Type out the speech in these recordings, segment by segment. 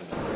afternoon.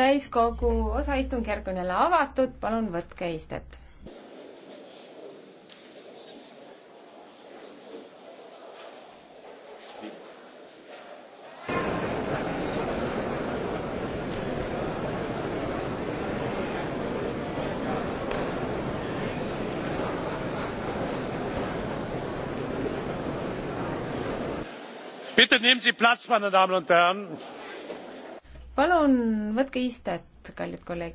täiskogu osaistungjärk on jälle avatud, palun võtke istet. bitte nehmen sie platz meine damen und herren! palun võtke istet kallid kolleegid!